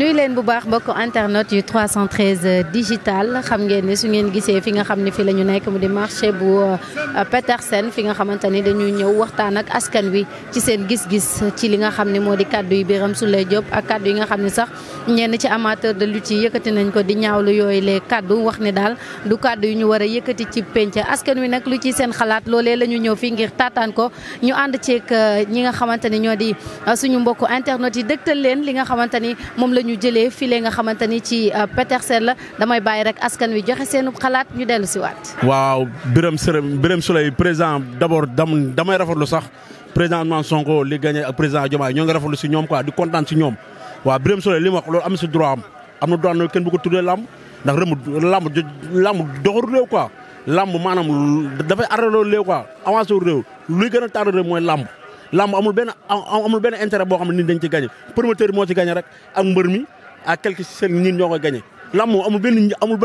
nuyu leen bu baax mbokk internet yu digital xam ngeen ne su ngeen gisee fi nga xam ne fii la ñu nekk mu di marché bu euh, Petersen fi nga xamante ni dañuy ñëw waxtaan ak askan wi ci seen gis-gis ci li nga xam ne moo di kaddu yi Birame Souleye Diop ak kaddu yi nga xam ne sax ñenn ci amateur de lutte yi yëkkati nañ ko di ñaaw lu yooyu les kàddu wax ne daal du kaddu yu ñu war a yëkkati ci penc askan wi nag lu ci seen xalaat loolee la ñu ñëw fii ngir taataan ko ñu ànd ceeg euh, ñi nga xamante ni ñoo di euh, ñu jëlee file nga xamante ni ci euh, Petersen la damay bàyyi rek askan wi joxe seen xalaat ñu dellu si waat. waaw Birame Sërëm Birame Souleye président d' abord dam damay rafetlu sax président Ousmane Sonko li gagné ak président Diomaye ñoo ngi rafetlu si ñoom quoi di kontaan si ñoom. waaw Birame Souleye li mu wax loolu am na si droit am am na droit am kenn bu ko tuddee làmb ndax rëmm làmb làmb doxul réew quoi làmb maanaam dafay arrêté réew quoi avancé wu réew luy gën a tardé mooy làmb. làmb amul benn amul benn intérêt boo xam ne nit dañ ci gagné promoteur moo ci gagné rek ak mbër mi ak quelque seen ñin ñoo koy gagné làmb moom amul benn amul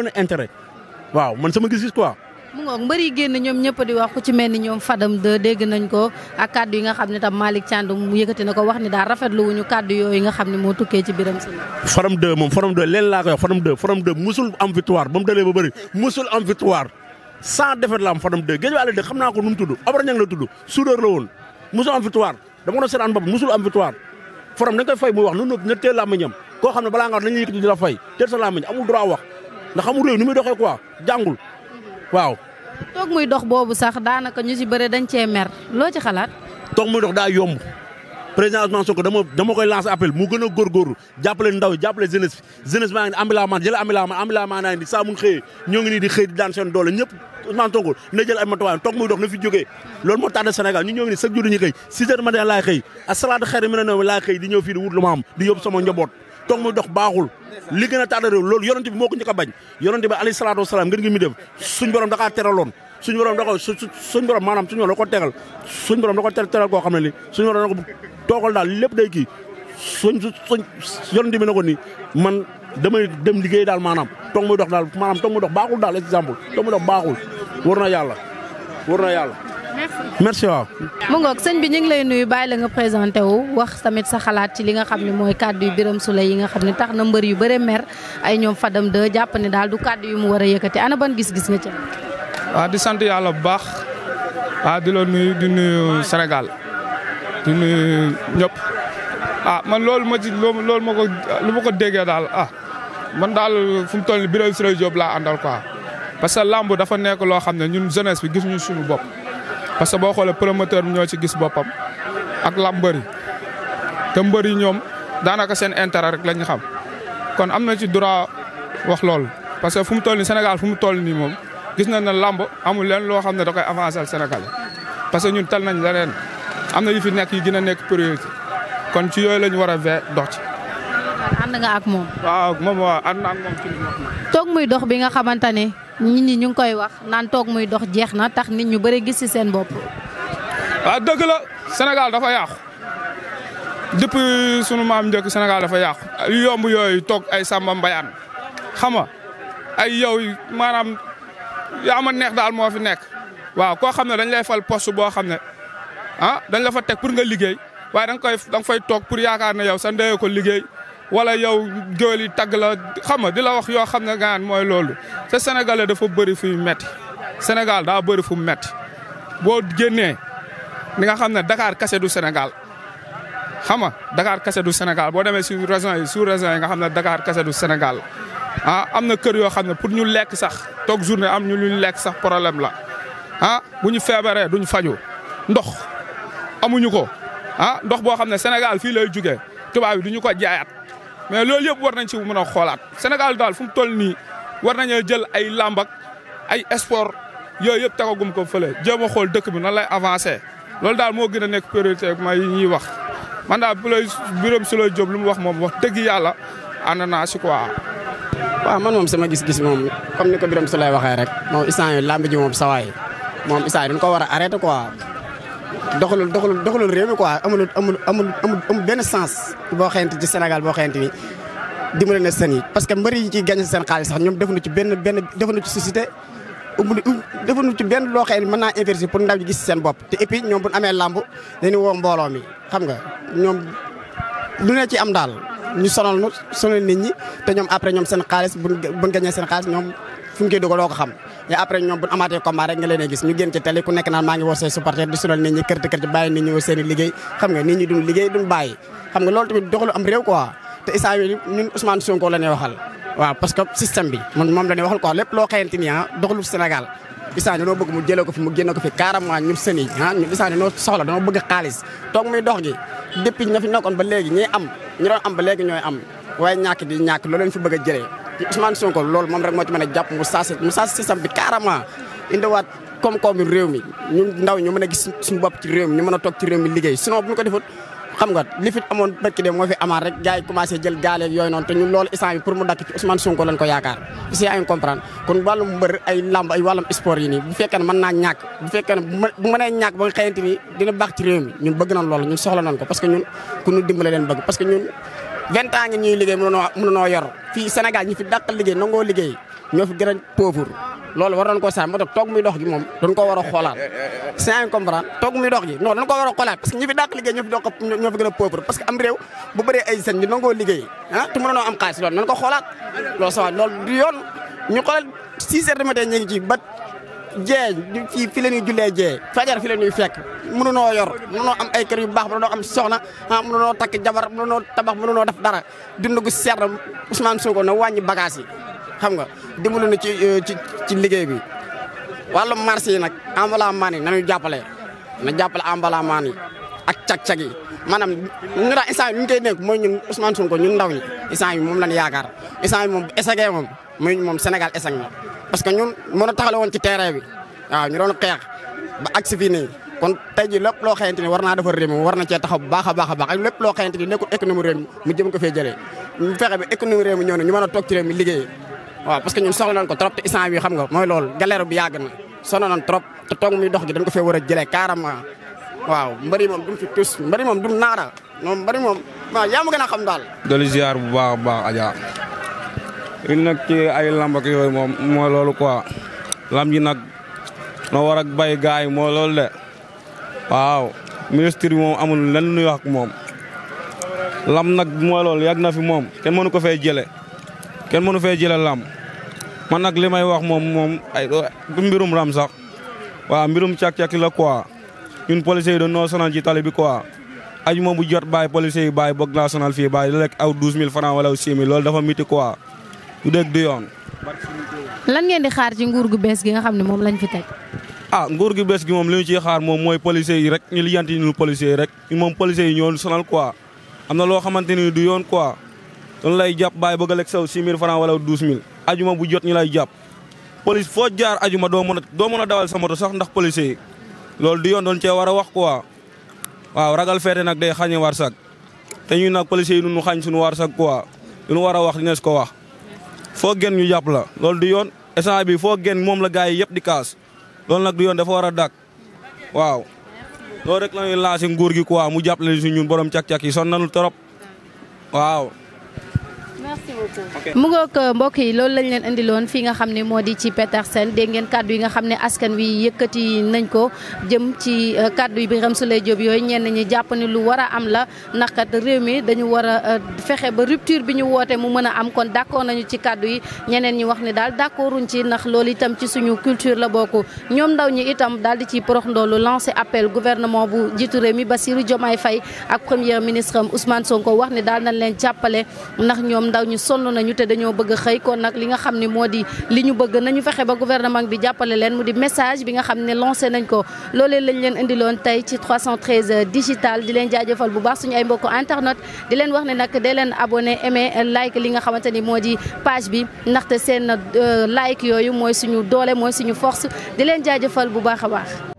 waaw man sama gis-gis quoi. mu ngoog mbër yi génn ñoom ñëpp di wax ku ci mel ni ñoom Fadam de dégg nañ ko ak kàddu yi nga xam ne tam Malick Thiandoum mu yëkkati na ko wax ni daal rafetlu wuñu kàddu yooyu nga xam ne moo tukkee ci biram si Fadam de moom Fadam de leen laa koy wax Fadam de Fadam de musul am victoire ba mu dalee ba bëri musul de géej waale xam naa ko nu mu tudd Abrahima la tudd soudeur la woon musul am victoire dama ko doon seetaan bopp musul am victoire forom dañ koy fay muy wax nu nëpp na teel làmmiñam koo xam ne balaa nga wax nañu yëkkati di la fay teel sa làmmiñ amul droit wax ndax amul réew ni muy doxee quoi jàngul waaw. toog muy dox boobu sax daanaka ñu si bëre dañ cee mer loo ci xalaat. toog muy dox daa yomb président Ousmane Sonko dama dama koy lancer appel mu gën a ndaw yi jàppale jeunesse bi ngi ni ambulant jël ambulant ambulant naa ni saa mun xëyee ñoo ngi nii di muy dox na fi jógee loolu moo tardé Sénégal ñu ñoo ngi nii chaque jour dañuy xëy six heures matin laay xëy asalaatu xayri mina nawm laay xëy di ñëw fii di wut lu di yóbbu sama njaboot toog muy dox baaxul li gën suñu borom da ko su suñu maanaam suñu borom da ko tegal suñu borom da ko teral goo xam ne ni suñu borom da ko toogal daal lépp day kii suñ suñ yonent bi na ko nii man damay dem liggéey daal maanaam toog muy dox daal maanaam toog muy dox baaxul daal exemple toog muy dox baaxul war na yàlla war na yàlla. merci merci waaw. mu ngoog sëñ bi ñu ngi lay nuyu bàyyi la nga présenté wu wax tamit sa xalaat ci li nga xam ne mooy kàddu yu Birame Souleye yi nga xam ne tax na mbër yu bëre mer ay ñoom Fadam de jàpp ne daal du kàddu yu mu war a yëkkati ana ban gis-gis nga ci. ah di sant yàlla bu baax ah di la nuyu di nu Sénégal di nuyu ñëpp a ah, man loolu ma ci loolu ma ko lu ma ko déggee daal a ah, man daal fu mu toll bi Birame Souleye Diop laa àndal quoi. parce que làmb dafa nekk loo xam ne ñun jeunesse bi gis ñu suñu bopp parce que boo xoolee promoteur bi ñoo ci gis boppam ak làmbër yi te mbër yi ñoom daanaka seen intérêt rek la ñu xam kon am na ci droit wax loolu parce que fu mu toll nii Sénégal fu mu toll nii moom. gis na ne làmb amul leen loo xam ne da koy avancer al Sénégal parce que ñun tal nañ leneen am na yu fi nekk yi gën a nekk priorité kon ci yooyu la ñu war a vee dox ci. ànd nga ak moom. waaw moom waaw ànd na ak toog muy dox bi nga xamante ne nit ñi ñu ngi koy wax naan toog muy dox jeex na tax nit ñu bëri gis ci seen bopp. waaw dëgg la senegal dafa yàqu depuis sunu maam njëkk Sénégal dafa yàqu. yomb yooyu toog ay sàmbambayaan Mbayaan ay yow maanaam yaa ma neex daal moo fi nekk waaw koo xam ne dañ lay fal poste boo xam ne ah dañ la fa teg pour nga liggéey waaye da nga koy da nga fay toog pour yaakaar ne yow sa ndeyoo ko liggéey wala yow géwél yi tagg la xam nga di la wax yoo xam ne gaan mooy loolu te sénégalais dafa bëri fuy met senegal daa bëri fu metti boo génnee di nga xam ne Dakar kase du Sénégal xam nga Dakar kese du Sénégal boo demee si région yi sous région yi nga xam ne dakaar kese du Sénégal ah am na kër yoo xam ne pour ñu lekk sax toog journée am ñu luñ lekk sax problème la ah bu ñu feebaree duñ faju ndox amuñu ko ah ndox boo xam ne Sénégal fii lay jugee tubaab yi duñu ko jaayaat mais loolu yëpp war nañ ci mën a xoolaat Sénégal daal fu mu toll nii war nañoo jël ay làmbag ay sport yooyu yëpp tegagum ko fële jéem a xool dëkk bi nan lay avancé loolu daal moo gën a nekk priorité ma yi ñuy wax man daal bu lay Birame Souleye Diop lu mu wax moom wax dëgg yàlla ànd naa si waaw man moom sama gis-gis moom comme ni ko Birame Souleye waxee rek moom instant yii làmb ji moom sawaay moom instant yii ko war a arrêté quoi doxalul doxalul doxalul réew mi quoi amul amul benn sens boo xeente ci Sénégal boo xeente ni dimbale na seen yi parce que mbëri yi ciy gagné seen xaalis sax ñoom defuñu ci benn benn defuñu ci société ubbi um, defuñu ci benn loo xëy mën naa investir pour ndaw ji gis seen bopp te et puis ñoom bu ñu amee làmb dañuy woo mbooloo mi xam nga ñoom lu ne ci am daal ñu sonal nu sonal nit ñi te ñoom après ñoom seen xaalis buñ buñ gañee seen xaalis ñoom fu ñu ko xam mais après ñoom buñ amaatee combat rek nga leen gis ñu génn ci télé ku nekk naan maa ngi war say di sonal nit ñi kër te bàyyi nit ñi seen i liggéey xam nga nit ñi duñ liggéey duñ bàyyi xam nga loolu tamit doxalu am réew quoi te isaan yi ñun Ousmane Sonko la ñuy waxal waaw parce que système bi moom la ñuy waxal quoi lépp loo xëyante ni ah doxalu Isaan dañoo bëgg mu jëlee ko fi mu génne fi carrément ñun seen yi ah ñun Isaan dañoo soxla dañoo bëgg xaalis toog muy dox gi depuis ña fi nekkoon ba léegi ñi am ñu doon am ba léegi ñooy am waaye ñàkk di ñàkk loolu leen fi bëgg a jëlee Ousmane Sonko loolu moom rek moo ci mën a jàpp mu saasi mu saasi système bi carrément indiwaat koom-koomu réew mi ñun ndaw ñu mën a gis suñu bopp ci réew mi ñu mën a toog ci réew mi liggéey sinon bu ko defut xam nga li fi amoon barki dem moo fi amaat rek gars yi commencé jël gaaleeg yooyu noonu te ñun loolu instant bi pour mu dakk ci Ousmane Sonko lañ ko yaakaar si ay comprendre kon wàllum mbër ay lamb ay wàllum sport yi nii bu fekkee ne mën naa ñàkk bu fekkee ne bu mënee ñàkk ba nga xëyante ni dina baax ñun bëgg nañ loolu ñun soxla nañ ko parce que ñun ku ñu dimbale leen bëgg parce que ñun vingt ans ngeen ñuy liggéey mënunoo mënunoo yor fii Sénégal ñi fi dàq liggéey nangoo liggéey ñoo fi gën a loolu war nañ ko sàmm te toog muy dox gi moom dañ ko war a xoolaat c'est comprendre toog muy dox gi non ko war a xoolaat parce que ñi fi dàq liggéey ñoo fi dox ñoo fi gën a pauvre parce que am réew bu bëree ay seen ñu nangoo liggéey ah te mënonoo am xaalis loolu nañ ko xoolaat loolu sa loolu du yoon ñu xoolal six heures du matin ñu ngi ci ba jee fii fi la ñuy jullee jee fajar fi la ñuy fekk mënunoo yor mënunoo am ay kër yu baax mënunoo am soxna ah mënunoo takk jabar mënunoo tabax mënunoo def dara dund gu seer na wàññi bagage yi xam nga dimbalu na ci euh, ci ci liggéey bi walla marché yi nag emballement yi nañu jàppale na jàppale emballement yi ak cag-cag yi maanaam ñu daal instant yi ñu koy nekk mooy ñun Ousmane Sonko ñun ndaw ñi instant yi moom lañ yaakaar instant yi moom esegee moom mooy moom Sénégal eseg na parce que ñun mën a taxale woon ci terrain bi waaw ñu doon xeex ba ak si kon tey ji loo xamante ni war naa defar cee taxaw bu baax a baax a baax loo xamante ni nekkul économie réew mu jëm ko fee jëlee ñu fexe ñëw na ñu mën a toog ci réew mi liggéey waaw parce que ñun soxla nañ ko trop te instant bi xam nga mooy loolu galère bu yàgg na sonn nañ trop te toog muy dox gi dañ ko fee war a jëlee carrément waaw mbëri moom duñ fi tus mbëri moom duñ naara moom mbëri moom waaw yaa ma gën xam daal. dolli ziar bu baax a baax Adja. il nag ci ay lamb ak yooyu moom mooy loolu ko lamb yi nag noo war a bay gars yi moo loolu de waaw ministre bi moom amul lenn nuy wax ak moom lamb nag mooy loolu yàgg na fi moom kenn mënu ko fay jëlee. kenn mënu fee jëlal làmb man nag li may wax moom moom ay mbirum ram sax waaw mbirum càq-càq la quoi ñun policiers yi dañoo sonal ci tali bi quoi. aju moom bu jot bàyyi policiers yi bàyyi boog national fii bàyyi la lekk aw 12000 francs wala aw 6000 loolu dafa miti quoi du dégg du yoon. lan ngeen di xaar ci nguur gu bees gi nga xam ne moom lañ fi teg. ah nguur gu bees gi moom li ñu ciy xaar moom mooy policiers yi rek ñu lijanti ñu policiers yi rek moom policiers yi ñoo sonal quoi am na loo xamante ni du yoon quoi. loolu lay jàpp bàyyi bëgg a lekk saw 6000 francs wala 12000 ajuma bu jot ñu lay jàpp police foo jaar ajuma doo mën a doo mën a dawal sa moto sax ndax policier yi loolu di yoon doonu cee war a wax quoi waaw ragal feete nag day xañe war sag te ñun nag policier yi nu xaañ suñu war sag quoi lu ñu war a wax dines ko wax foo gen ñu jàpp la loolu di yoon instant bi foo gen moom la gars yi yëpp di kaas loolu nag du yoon dafa war a dàkk waaw loolu rek la ñuy laasi nguur gi quoi mu jàppale si ñun borom càq-càq yi sonn nañu mu ngoog euh, mbokk yi loolu lañ leen indiloon fi nga xam ne moo di ci Petersen dégg ngeen kàddu yi nga xam ne askan wi yëkkati nañ ko jëm ci euh, kàddu yi Birame Souleye Diop yooyu ñenn ñi jàpp ne lu war a am la ndax kat réew mi dañu war a euh, fexe ba rupture bi ñu woote mu mën a am kon d'accord nañu ci kàddu yi ñeneen ñi wax ne daal d'accorduñ ci ndax loolu itam ci suñu culture la bokk ñoom ndaw ñi itam daal di ci porox ndoolu lancé appel gouvernement bu jiitu réew mi Bassirou Diomaye Faye ak premier ministre Ousmane Sonko wax ne daal nañ leen jàppale ndax ñoom ndaw ñi sonn nañu te dañoo bëgg a xëy kon nag li nga xam ne moo di li ñu bëgg nañu fexe ba gouvernement bi jàppale leen mu di message bi nga xam ne lancé nañ ko loolee lañ leen indiloon tey ci 313 digital di leen jaajëfal bu baax suñu ay mbokku internet di leen wax ne nag dee leen abonné aimé like li nga xamante ni moo di page bi ndaxte seen euh, like yooyu mooy suñu doole mooy suñu force di leen jaajëfal bu baax a baax